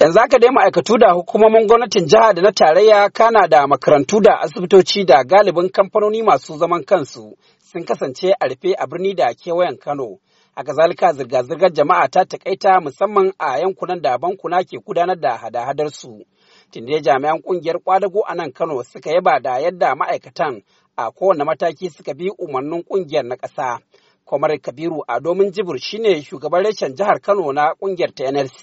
yanzu haka dai ma'aikatu da hukumomin gwamnatin jiha da na tarayya kana da makarantu da asibitoci da galibin kamfanoni masu zaman kansu sun kasance a rufe a birni da kewayen kano a kazalika zirga-zirgar jama'a ta takaita musamman a yankunan da bankuna ke gudanar da hada-hadar su tunda jami'an kungiyar kwadago a nan kano suka yaba da yadda ma'aikatan a kowane mataki suka bi umarnin kungiyar na ƙasa kwamar kabiru a domin jibir shine shugaban reshen jihar kano na kungiyar ta nlc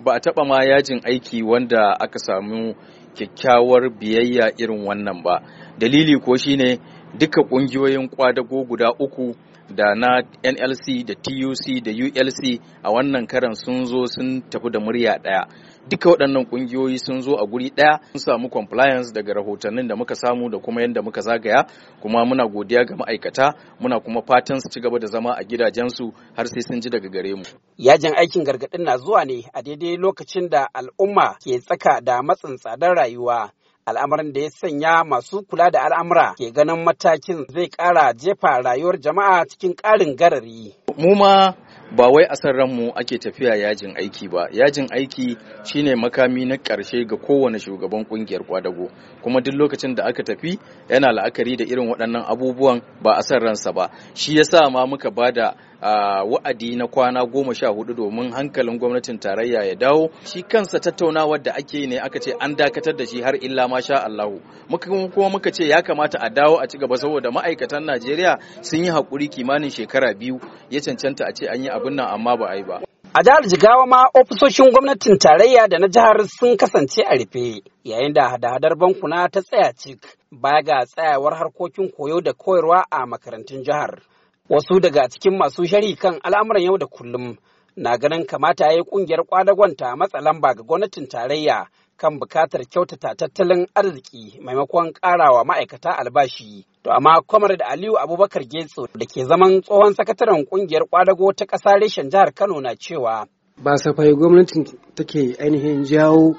ba a taɓa ma yajin aiki wanda aka samu kyakkyawar biyayya irin wannan ba dalili ko shine duka ƙungiyoyin kwadago guda uku da na nlc da tuc da ulc a wannan karan sun zo sun tafi da murya ɗaya duka waɗannan ƙungiyoyi sun zo a guri ɗaya sun samu compliance daga rahotannin da muka samu da kuma yadda muka zagaya kuma muna godiya ga ma'aikata muna kuma fatan su ci gaba da zama a gidajensu har sai sun ji daga gare mu yajin aikin gargaɗin na zuwa ne a daidai lokacin da al'umma ke tsaka da matsin tsadar rayuwa al'amarin da ya sanya masu kula da al'amura ke ganin matakin zai ƙara jefa rayuwar jama'a cikin ƙarin garari. Mu ma ba wai a san ranmu ake tafiya yajin aiki ba yajin aiki shine makami na ƙarshe ga kowane shugaban ƙungiyar kwadago kuma duk lokacin da aka tafi yana la'akari da irin waɗannan abubuwan ba a san ransa ba shi yasa ma muka bada a wa'adi na kwana goma sha hudu domin hankalin gwamnatin tarayya ya dawo shi kansa tattaunawar da ake yi ne aka ce an dakatar da shi har illa ma sha Allahu muka kuma muka ce ya kamata a dawo a ci gaba saboda ma'aikatan Najeriya sun yi hakuri kimanin shekara biyu ya cancanta a ce an yi abin nan amma ba a yi ba A jihar Jigawa ma ofisoshin gwamnatin tarayya da na jihar sun kasance a rufe yayin da hada-hadar bankuna ta tsaya cik baya ga tsayawar harkokin koyo da koyarwa a makarantun jihar. Wasu daga cikin masu shari kan al'amuran yau da kullum na ganin kamata ya yi ƙungiyar ta matsa lamba ga gwamnatin tarayya kan bukatar kyautata tattalin arziki maimakon ƙarawa ma'aikata albashi. To amma kwamar da Aliyu Abubakar Getso da ke zaman tsohon sakataren ƙungiyar kwadago ta ƙasa reshen jihar Kano na cewa. Ba safai gwamnatin take ainihin jawo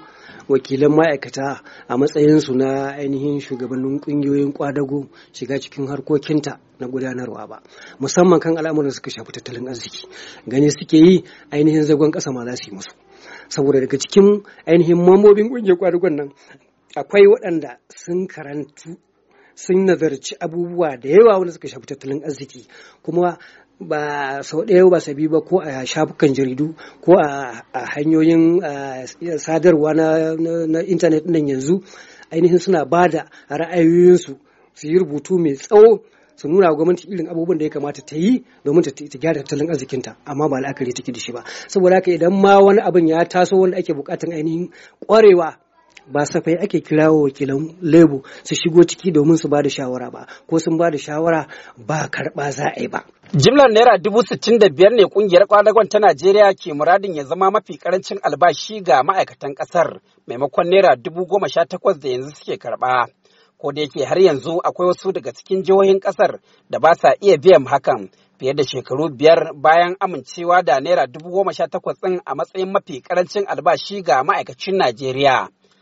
wakilan ma'aikata a matsayinsu na ainihin shugabannin kungiyoyin kwadago shiga cikin harkokinta na gudanarwa ba musamman kan al'amuran suka shafi tattalin arziki gani suke yi ainihin zagon kasa ma za su yi musu saboda daga cikin ainihin mambobin kungiyar kwadagon nan akwai waɗanda sun karantu sun nazarci abubuwa da yawa wanda suka shafi tattalin arziki kuma ba sau ɗaya ba sabi ba ko a shafukan jaridu ko hanyoyin eh, sadarwa na intanet nan yanzu ainihin suna ba da ra'ayoyinsu su yi rubutu mai tsawo su nuna gwamnati irin abubuwan da ya kamata ta yi domin ta gyara tattalin arzikinta amma ba la'akari take da shi ba saboda haka idan ma wani abin ya taso wanda ake bukatan ainihin kwarewa ba safai ake kira wakilan lebu su shigo ciki domin su ba da shawara ba ko sun ba da shawara ba karɓa za a yi ba. Jimlar Naira dubu sittin da biyar ne kungiyar kwadagon ta Najeriya ke muradin ya zama mafi karancin albashi ga ma'aikatan ƙasar maimakon Naira dubu goma sha takwas da yanzu suke karɓa. Ko da yake har yanzu akwai wasu daga cikin jihohin ƙasar da ba sa iya biyan hakan fiye da shekaru biyar bayan amincewa da Naira dubu goma sha takwas ɗin a matsayin mafi karancin albashi ga ma'aikacin Najeriya.